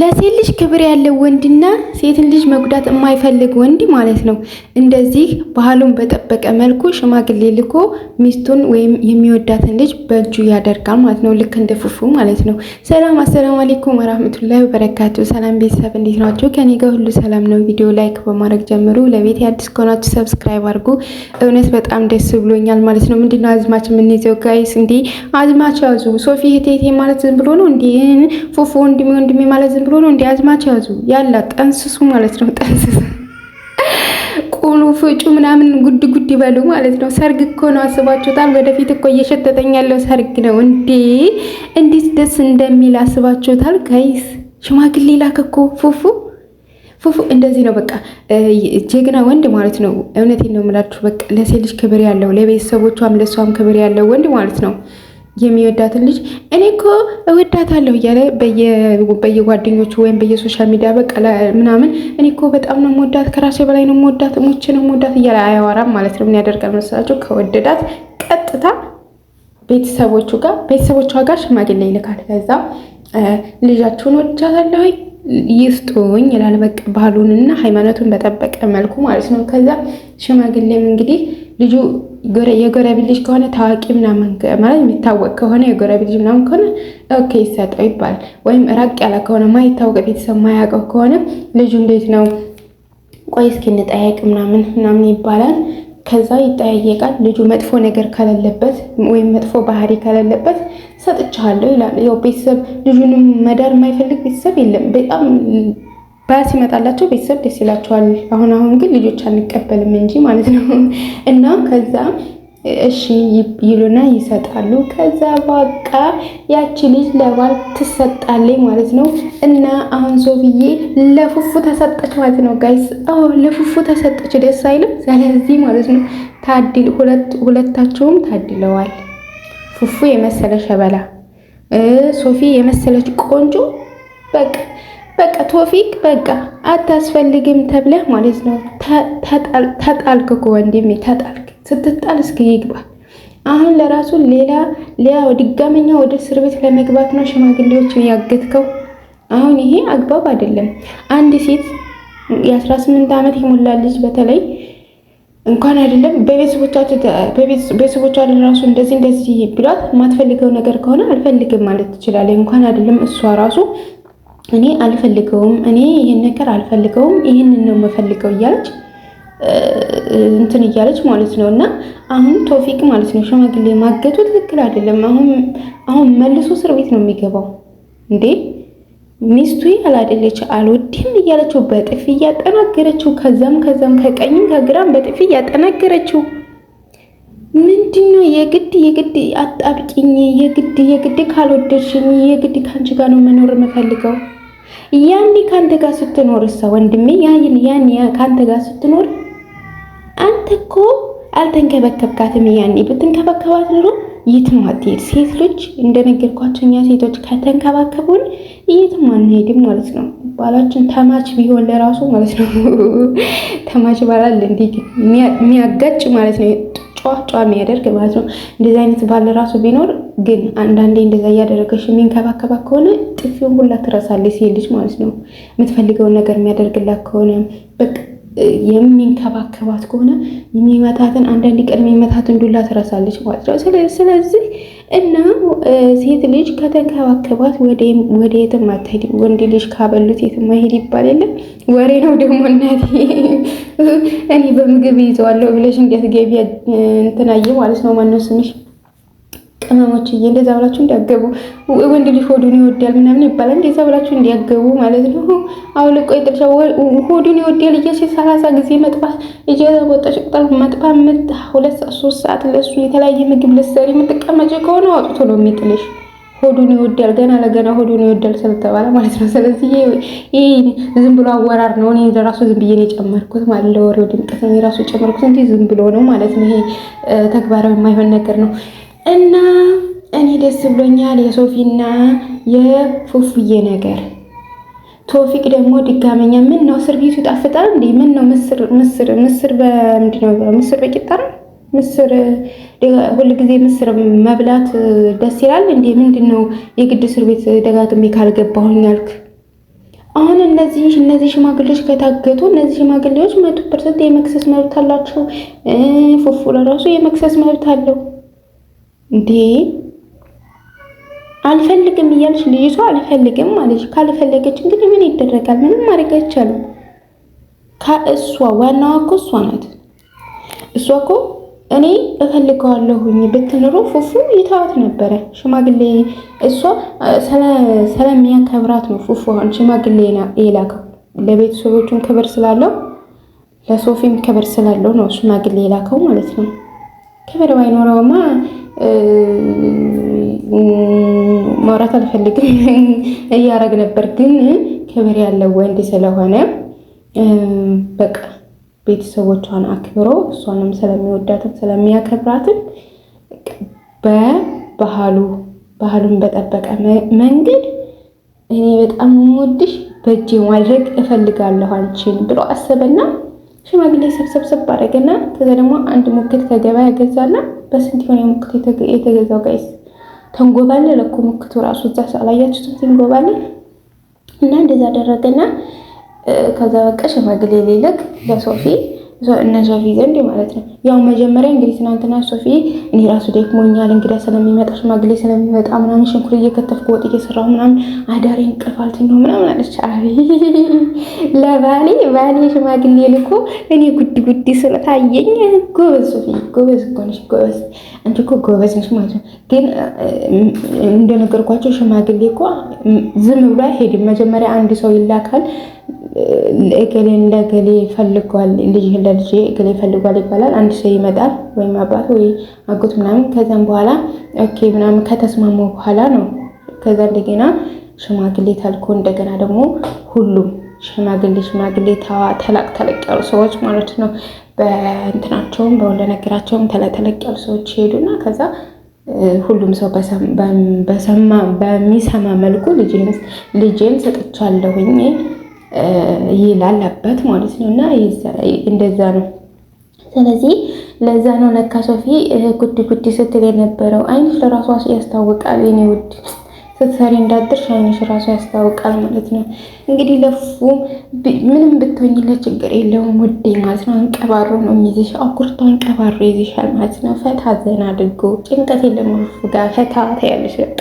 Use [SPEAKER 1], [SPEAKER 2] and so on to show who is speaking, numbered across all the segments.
[SPEAKER 1] ለሴት ልጅ ክብር ያለው ወንድና ሴትን ልጅ መጉዳት የማይፈልግ ወንድ ማለት ነው። እንደዚህ ባህሉን በጠበቀ መልኩ ሽማግሌ ልኮ ሚስቱን ወይም የሚወዳትን ልጅ በእጁ ያደርጋል ማለት ነው። ልክ እንደ ፉፉ ማለት ነው። ሰላም፣ አሰላሙ አለይኩም ወራህመቱላሂ ወበረካቱ። ሰላም ቤተሰብ እንዴት ናቸው? ከኔ ጋር ሁሉ ሰላም ነው። ቪዲዮ ላይክ በማድረግ ጀምሩ። ለቤት የአዲስ ከሆናችሁ ሰብስክራይብ አድርጉ። እውነት በጣም ደስ ብሎኛል ማለት ነው። ምንድነው አዝማች የምንይዘው ጋይስ? እንዲ አዝማች ያዙ። ሶፊ ሄቴቴ ማለት ዝም ብሎ ነው እንዴ? ፉፉ ወንድሜ ወንድሜ ማለት ዝም ብሎ ነው እንዲ አዝማች ያዙ ያላ ጠንስሱ ማለት ነው። ጠንስሱ ቁሉ ፍጩ ምናምን ጉድ ጉድ ይበሉ ማለት ነው። ሰርግ እኮ ነው አስባችሁታል። ወደፊት እኮ እየሸተተኝ ያለው ሰርግ ነው እንዴ! እንዴት ደስ እንደሚል አስባችሁታል ከይስ ሽማግሌ ላክ እኮ ፉፉ ፉፉ እንደዚህ ነው በቃ ጀግና ወንድ ማለት ነው። እውነቴን ነው የምላችሁ። በቃ ለሴት ልጅ ክብር ያለው ለቤተሰቦቿም ለእሷም ክብር ያለው ወንድ ማለት ነው። የሚወዳትን ልጅ እኔ እኮ እወዳታለሁ እያለ በየጓደኞቹ ወይም በየሶሻል ሚዲያ በቃ ምናምን እኔ እኮ በጣም ነው የምወዳት ከራሴ በላይ ነው የምወዳት ሙቼ ነው የምወዳት እያለ አያወራም ማለት ነው። ምን ያደርጋል መሰላቸው? ከወደዳት ቀጥታ ቤተሰቦቹ ጋር ቤተሰቦቿ ጋር ሽማግሌ ይልካል። ከዛ ልጃችሁን ወድጃታለሁ ይስጡኝ ይላል። በቃ ባህሉንና ሃይማኖቱን በጠበቀ መልኩ ማለት ነው። ከዛ ሽማግሌም እንግዲህ ልጁ የጎረቤት ልጅ ከሆነ ታዋቂ ምናምን ማለት የሚታወቅ ከሆነ የጎረቤት ልጅ ምናምን ከሆነ ኦኬ ይሰጠው ይባላል። ወይም ራቅ ያለ ከሆነ ማይታወቅ ቤተሰብ ማያውቀው ከሆነ ልጁ እንዴት ነው ቆይ እስኪ እንጠያየቅ ምናምን ምናምን ይባላል። ከዛ ይጠያየቃል። ልጁ መጥፎ ነገር ከሌለበት ወይም መጥፎ ባህሪ ከሌለበት ሰጥቻለሁ ይላል። ያው ቤተሰብ ልጁንም መዳር የማይፈልግ ቤተሰብ የለም በጣም ባያስ ይመጣላቸው ቤተሰብ ደስ ይላቸዋል። አሁን አሁን ግን ልጆች አንቀበልም እንጂ ማለት ነው እና ከዛ እሺ ይሉና ይሰጣሉ። ከዛ በቃ ያቺ ልጅ ለባል ትሰጣለች ማለት ነው። እና አሁን ሶፊዬ ለፉፉ ተሰጠች ማለት ነው ጋይስ። አዎ ለፉፉ ተሰጠች። ደስ አይልም? ስለዚህ ማለት ነው ታድል ሁለታቸውም ታድለዋል። ፉፉ የመሰለ ሸበላ፣ ሶፊ የመሰለች ቆንጆ በቃ በቃ ቶፊቅ በቃ አታስፈልግም ተብለህ ማለት ነው። ተጣልክ እኮ ወንድሜ ተጣልክ። ስትጣል እስኪ ይግባ። አሁን ለራሱ ሌላ ሌላ ድጋመኛ ወደ እስር ቤት ለመግባት ነው ሽማግሌዎችን ያገትከው። አሁን ይሄ አግባብ አይደለም። አንድ ሴት የ18 ዓመት የሞላ ልጅ በተለይ እንኳን አይደለም በቤተሰቦቿ ራሱ እንደዚህ እንደዚህ ብሏት የማትፈልገው ነገር ከሆነ አልፈልግም ማለት ትችላለች። እንኳን አይደለም እሷ ራሱ እኔ አልፈልገውም፣ እኔ ይህን ነገር አልፈልገውም፣ ይህንን ነው የምፈልገው እያለች እንትን እያለች ማለት ነው። እና አሁን ቶፊቅ ማለት ነው ሽማግሌ ማገቱ ትክክል አይደለም። አሁን አሁን መልሶ እስር ቤት ነው የሚገባው እንዴ! ሚስቱ ያላደለች አልወድም እያለችው በጥፊ እያጠናገረችው፣ ከዛም ከዛም ከቀኝም ከግራም በጥፊ እያጠናገረችው ምንድነው የግድ የግድ አጣብቂኝ የግድ የግድ ካልወደድሽኝ የግድ ከአንቺ ጋር ነው መኖር የምፈልገው ያኔ ካንተ ጋር ስትኖር እሳ ወንድሜ ያኔ ካንተ ጋር ስትኖር አንተ እኮ አልተንከበከብካትም። ያኔ ብትንከበከባት ኑሮ የትም አትሄድ። ሴት ልጅ እንደነገርኳቸው እኛ ሴቶች ከተንከባከቡን የትም አንሄድም ማለት ነው። ባላችን ተማች ቢሆን ለራሱ ማለት ነው። ተማች ባላል እንዴ የሚያጋጭ ማለት ነው። ጫ የሚያደርግ ማለት ነው። እንደዚህ አይነት ባለ ራሱ ቢኖር ግን አንዳንዴ እንደዛ እያደረገች የሚንከባከባት ከሆነ ጥፊውን ሁላ ትረሳለች ሴት ልጅ ማለት ነው። የምትፈልገውን ነገር የሚያደርግላት ከሆነ በቃ የሚንከባከባት ከሆነ የሚመታትን አንዳንዴ ቀድሜ የሚመታትን ዱላ ትረሳለች ማለት ነው። ስለዚህ እና ሴት ልጅ ከተንከባከባት ወደ የትም አትሄድም። ወንድ ልጅ ካበሉት የትም አይሄድ ይባል የለም። ወሬ ነው ደግሞ እናቴ። እኔ በምግብ ይዘዋለሁ ብለሽ እንዴት ገቢ እንትናየ ማለት ነው ማነው ስምሽ ቅመሞች እዬ እንደዛ ብላችሁ እንዲያገቡ ወንድ ልጅ ሆዱን ይወዳል ምናምን ይባላል። እንደዛ ብላችሁ እንዲያገቡ ማለት ነው። አሁን አውልቆ የጥርሻ ሆዱን ይወዳል እያች ሰላሳ ጊዜ መጥፋት እየወጣች መጥፋ ምት ሁለት ሰዓት ሶስት ሰዓት ለሱ የተለያየ ምግብ ልትሰሪ የምትቀመጭ ከሆነ አውጥቶ ነው የሚጥልሽ። ሆዱን ይወዳል ገና ለገና ሆዱን ይወዳል ስለተባለ ማለት ነው። ስለዚህ ይሄ ዝም ብሎ አወራር ነው። እኔ ራሱ ዝም ብዬ ነው የጨመርኩት ማለት ለወሬው ድምቀት ነው ራሱ የጨመርኩት እንጂ ዝም ብሎ ነው ማለት ነው። ይሄ ተግባራዊ የማይሆን ነገር ነው። እና እኔ ደስ ብሎኛል የሶፊና የፉፉዬ ነገር። ቶፊቅ ደግሞ ድጋመኛ ምን ነው እስር ቤቱ ይጣፍጣል እንዴ? ምን ነው ምስር ምስር ምስር በምንድን ነው ምስር በቂጣ ነው ምስር ሁል ጊዜ ምስር መብላት ደስ ይላል እንዴ? ምንድን ነው የግድ እስር ቤት ደጋግሜ ካልገባሁኝ አልክ። አሁን እነዚህ እነዚህ ሽማግሌዎች ከታገቱ እነዚህ ሽማግሌዎች መቶ ፐርሰንት የመክሰስ መብት አላቸው። ፉፉ ለራሱ የመክሰስ መብት አለው። እንዴ አልፈልግም እያለች ልጅቷ አልፈልግም ማለች። ካልፈለገች እንግዲህ ምን ይደረጋል? ምንም ማድረግ አይቻልም። ከእሷ ዋናዋ እኮ እሷ ናት። እሷ እኮ እኔ እፈልገዋለሁኝ ብትኖሮ ፉፉ ይተዋት ነበረ። ሽማግሌ እሷ ስለሚያከብራት ነው ፉፉ አሁን ሽማግሌ የላከው ለቤተሰቦቹን ክብር ስላለው ለሶፊም ክብር ስላለው ነው ሽማግሌ የላከው ማለት ነው። ክብር ባይኖረውማ ማውራት አልፈልግም እያረግ ነበር። ግን ክብር ያለው ወንድ ስለሆነ በቃ ቤተሰቦቿን አክብሮ እሷንም ስለሚወዳትን ስለሚያከብራትን በባህሉ ባህሉን በጠበቀ መንገድ እኔ በጣም የምወድሽ በእጄ ማድረግ እፈልጋለሁ አንቺን ብሎ አሰበና ሽማግሌ ሰብሰብሰብ ባደረገና ከዛ ደግሞ አንድ ሙክት ከገበያ ገዛና በስንት የሆነ ሙክት የተገዛው ጋይስ ተንጎባለ ለኩ ሙክቱ ራሱ እዛ ሳላያችሁትም ተንጎባለ እና እንደዛ አደረገና ከዛ በቃ ሽማግሌ ሊልክ ለሶፊ እነ ሶፊ ዘንድ ማለት ነው። ያው መጀመሪያ እንግዲህ ትናንትና ሶፊ እኔ ራሱ ደክሞኛል፣ እንግዳ ስለሚመጣ ሽማግሌ ስለሚመጣ ምናምን ሽንኩር እየከተፍኩ ወጥ እየሰራሁ ምናምን አዳሪ እንቅልፍ አልተኛሁ ምናምን አለች። ለባሌ ባሌ ሽማግሌ ልኮ እኔ ጉድ ጉድ ስለታየኝ ጎበዝ፣ ሶፊ ጎበዝ እኮ ነሽ፣ ጎበዝ አንቺ እኮ ጎበዝ ነሽ ማለት ነው። ግን እንደነገርኳቸው ሽማግሌ እኮ ዝም ብሎ አይሄድም። መጀመሪያ አንድ ሰው ይላካል እገሌ እንደ እገሌ ፈልጓል ልጅ ለልጅ እገሌ ፈልጓል ይባላል። አንድ ሰው ይመጣል ወይም አባት ወይ አጎት ምናምን። ከዛም በኋላ ኦኬ ምናምን ከተስማሙ በኋላ ነው። ከዛ እንደገና ሽማግሌ ተልኮ እንደገና ደግሞ ሁሉም ሽማግሌ ሽማግሌ ተላቅ ተለቅ ያሉ ሰዎች ማለት ነው። በእንትናቸውም በወለ ነገራቸውም ተለተለቅ ያሉ ሰዎች ይሄዱና ከዛ ሁሉም ሰው በሚሰማ መልኩ ልጅን ሰጥቻለሁኝ ይላል ማለት ነው። እና እንደዛ ነው። ስለዚህ ለዛ ነው ለካ ሶፊ ጉድ ጉድ ስትል የነበረው። አይንሽ ለራሱ ያስታውቃል የኔ ውድ ስትሰሪ እንዳድርሽ አይንሽ ራሱ ያስታውቃል ማለት ነው። እንግዲህ ለፉ ምንም ብትሆኝለት ችግር የለውም ውዴ ማለት ነው። አንቀባሮ ነው የሚይዝሽ፣ አኩርቶ አንቀባሮ ይዝሻል ማለት ነው። ፈታ ዘና አድርጎ ጭንቀት የለም። ፉ ጋር ፈታ ታያለሽ በቃ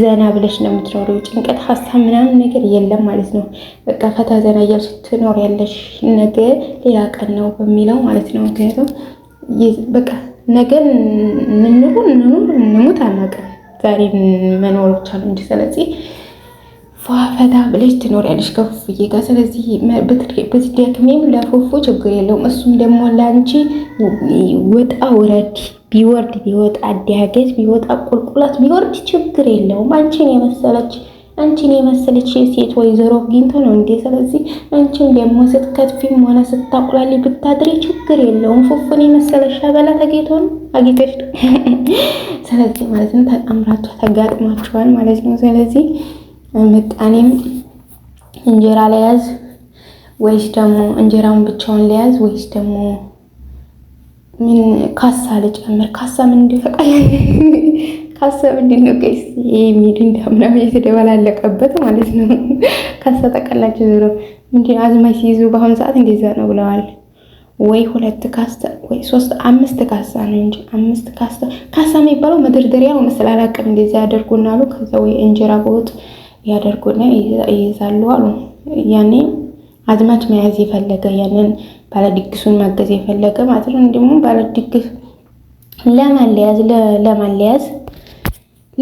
[SPEAKER 1] ዘና ብለሽ ነው የምትኖሪው። ጭንቀት፣ ሀሳብ ምናምን ነገር የለም ማለት ነው። በቃ ፈታ ዘና እያልሽ ያለሽ ነገ ሌላ ቀን ነው በሚለው ማለት ነው። ምክንያቱም በቃ ነገ እንኑሩ እንኑር እንሙት አናውቅም። ዛሬ መኖር ብቻ ነው እንጂ ስለዚህ ፈታ ብለሽ ትኖሪያለሽ ከፉፉዬ ጋር። ስለዚህ በዚህ ለፉፉ ችግር የለውም። እሱም ደግሞ ለአንቺ ወጣ ውረድ ቢወርድ ቢወጣ ዲያገት ቢወጣ ቁልቁለት ቢወርድ ችግር የለውም። አንቺን የመሰለች አንቺን የመሰለች ሴት ወይዘሮ ግኝቶ ነው እንዴ? ስለዚህ አንቺን ደግሞ ስትከትፊም ሆነ ስታቁላሊ ብታድሪ ችግር የለውም። ፉፉን የመሰለሽ አበላ ተጌቶ ነው አጌቶች። ስለዚህ ማለት ነው ተጣምራችሁ ተጋጥማችኋል ማለት ነው። ስለዚህ ምጣኔም እንጀራ ለያዝ ወይስ ደግሞ እንጀራውን ብቻውን ለያዝ ወይስ ደግሞ ምን ካሳ ልጨምር? ካሳ ምን እንዲፈቃል ካሳ ምንድን ነው ጋይስ? የሚድ እንዳምናም የተደበላለቀበት ማለት ነው። ካሳ ጠቀላቸው ዞሮ ምንድን አዝማች ሲይዙ በአሁኑ ሰዓት እንደዛ ነው ብለዋል። ወይ ሁለት ካሳ ወይ ሶስት አምስት ካሳ ነው እንጂ አምስት ካሳ ካሳ የሚባለው መደርደሪያ ነው መሰል አላውቅም። እንደዚ ያደርጉና አሉ። ከዛ ወይ እንጀራ በወጥ ያደርጉና ይይዛሉ አሉ። ያኔ አዝማች መያዝ የፈለገ ያንን ባለድግሱን ማገዝ የፈለገ ማለት ነው። እንዲሁም ባለድግስ ለማለያዝ ለማለያዝ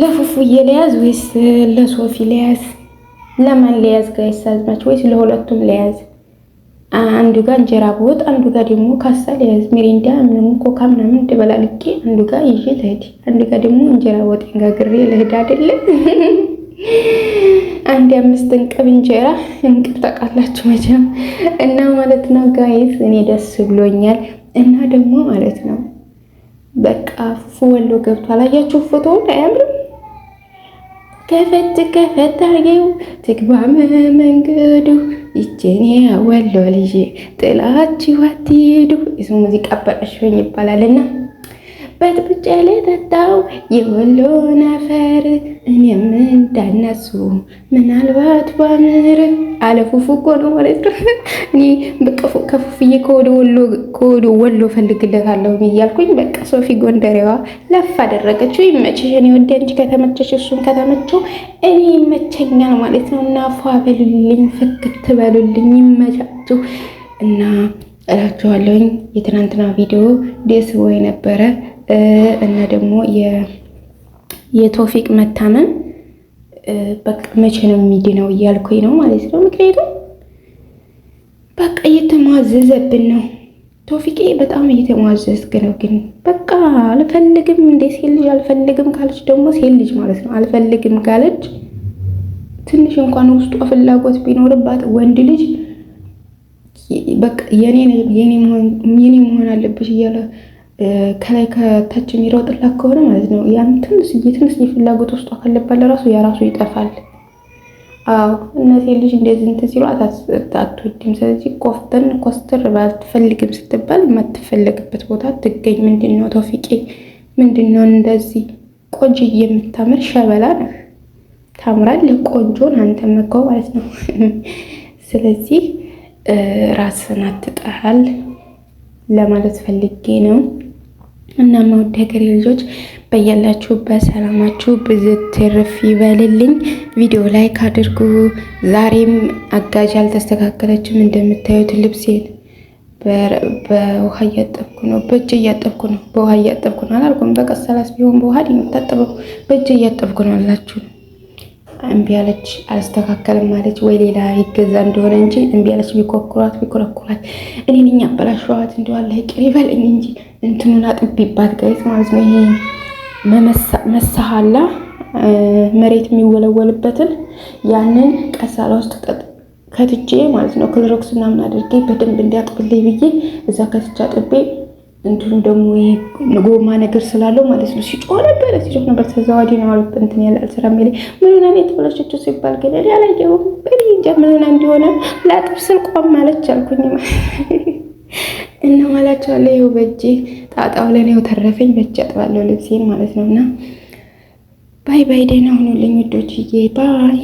[SPEAKER 1] ለፉፉዬ ለያዝ ወይስ ለሶፊ ለያዝ ለማን ለያዝ ጋር ይሳዝማች ወይስ ለሁለቱም ለያዝ? አንዱ ጋር እንጀራ በወጥ አንዱ ጋር ደግሞ ካሳ ለያዝ ሚሪንዳ ምንም ኮካ ምናምን እንደበላልቄ አንዱ ጋር ይዤ ልሂድ፣ አንዱ ጋር ደግሞ እንጀራ በወጥ ጋግሬ ልሂድ አይደለም። አንድ አምስት እንቅብ እንጀራ እንቅብ ታውቃላችሁ መቼም እና ማለት ነው ጋይስ እኔ ደስ ብሎኛል። እና ደግሞ ማለት ነው በቃ ፉፉ ወሎ ገብቷል። አያችሁ ፎቶውን አያምርም? ከፈት ከፈት አርጌው ትግባ መንገዱ ይቼኔ ወሎ ልጄ ጥላችሁ አትሄዱ። ይሱ ሙዚቃ በቀሽኝ ይባላልና በጥብጬ ላይ ጠጣው የወሎን አፈር እኔም እንዳነሱ ምናልባት ባምር አለ ፉፉ እኮ ነው ማለት ነው። እኔ ከፉፍዬ ከወደ ወሎ ፈልግለታለሁ እያልኩኝ በቃ ሶፊ ጎንደሬዋ ለፍ አደረገችው። ይመችሽ፣ እኔ ወደ አንቺ ከተመቸሽ እሱን ከተመቸው እኔ ይመቸኛል ማለት ነው። እና ፏ በሉልኝ፣ ፍክት በሉልኝ፣ ይመቻችሁ እና እላችኋለሁኝ። የትናንትና ቪዲዮ ደስ ወይ ነበረ እና ደግሞ የቶፊቅ መታመም በቃ መቼ ነው የሚድነው እያልኩኝ ነው ማለት ነው። ምክንያቱም በቃ እየተሟዘዘብን ነው። ቶፊቄ በጣም እየተሟዘዝክ ነው። ግን በቃ አልፈልግም እንደ ሴት ልጅ አልፈልግም ካለች ደግሞ ሴት ልጅ ማለት ነው አልፈልግም ካለች ትንሽ እንኳን ውስጧ ፍላጎት ቢኖርባት ወንድ ልጅ በቃ የኔ መሆን አለብሽ እያለ ከላይ ከታች የሚሮጥላት ከሆነ ማለት ነው ያን ትንሽዬ ትንሽዬ ፍላጎት ውስጧ ካለባለ ራሱ የራሱ ይጠፋል። አዎ እነዚህ ልጅ እንደዚህ እንትን ሲሉ አትወድም። ስለዚህ ቆፍተን ኮስተር ባትፈልግም ስትባል የማትፈለግበት ቦታ ትገኝ። ምንድን ነው ተውፊቄ? ምንድን ነው እንደዚህ ቆንጆ የምታምር ሸበላ ነው ታምራለህ። ቆንጆን አንተ መጋው ማለት ነው። ስለዚህ ራስን አትጠሃል ለማለት ፈልጌ ነው። እና ውድ ሀገሬ ልጆች በያላችሁበት ሰላማችሁ ብዙ ትርፍ ይበልልኝ። ቪዲዮ ላይክ አድርጉ። ዛሬም አጋዥ አልተስተካከለችም። እንደምታዩት ልብሴን በውሃ እያጠብኩ ነው። በእጅ እያጠብኩ ነው። በውሃ እያጠብኩ ነው አላልኩም። በቀሰላስ ቢሆን በውሃ የምታጠበው በእጅ እያጠብኩ ነው አላችሁ እምቢ አለች፣ አልስተካከልም አለች ወይ ሌላ ይገዛ እንደሆነ እንጂ እምቢ አለች። ቢኮኩራት ቢኮረኩራት እኔ ነኝ አበላሸዋት አለ ይቅር ይበለኝ እንጂ እንትኑን አጥቢባት ጋይስ ማለት ነው። ይሄ መሳሃላ መሬት የሚወለወልበትን ያንን ቀሳላ ውስጥ ከትቼ ማለት ነው ክሎሮክስ ምናምን አድርጌ በደንብ እንዲያጥብልኝ ብዬ እዛ ከትቼ አጥቤ እንዲሁም ደግሞ ጎማ ነገር ስላለው ማለት ነው። ሲጮ ነበረ ሲጮህ ነበር። ከዛ ነው አሉት እንትን ያለ አልሰራም ይለኝ ምን ሆና ነው የተበላሸችው ሲባል ግን እኔ አላየሁም እኔ እንጃ ምን ሆና እንዲሆነ ላጥብ ስል ቆም አለች አልኩኝ እና ማላቸዋለሁ። ይኸው በእጄ ጣጣው ለእኔ ተረፈኝ። በእጄ አጥባለሁ ልብሴን ማለት ነው። እና ባይ ባይ፣ ደህና ሁኑልኝ ውዶችዬ ባይ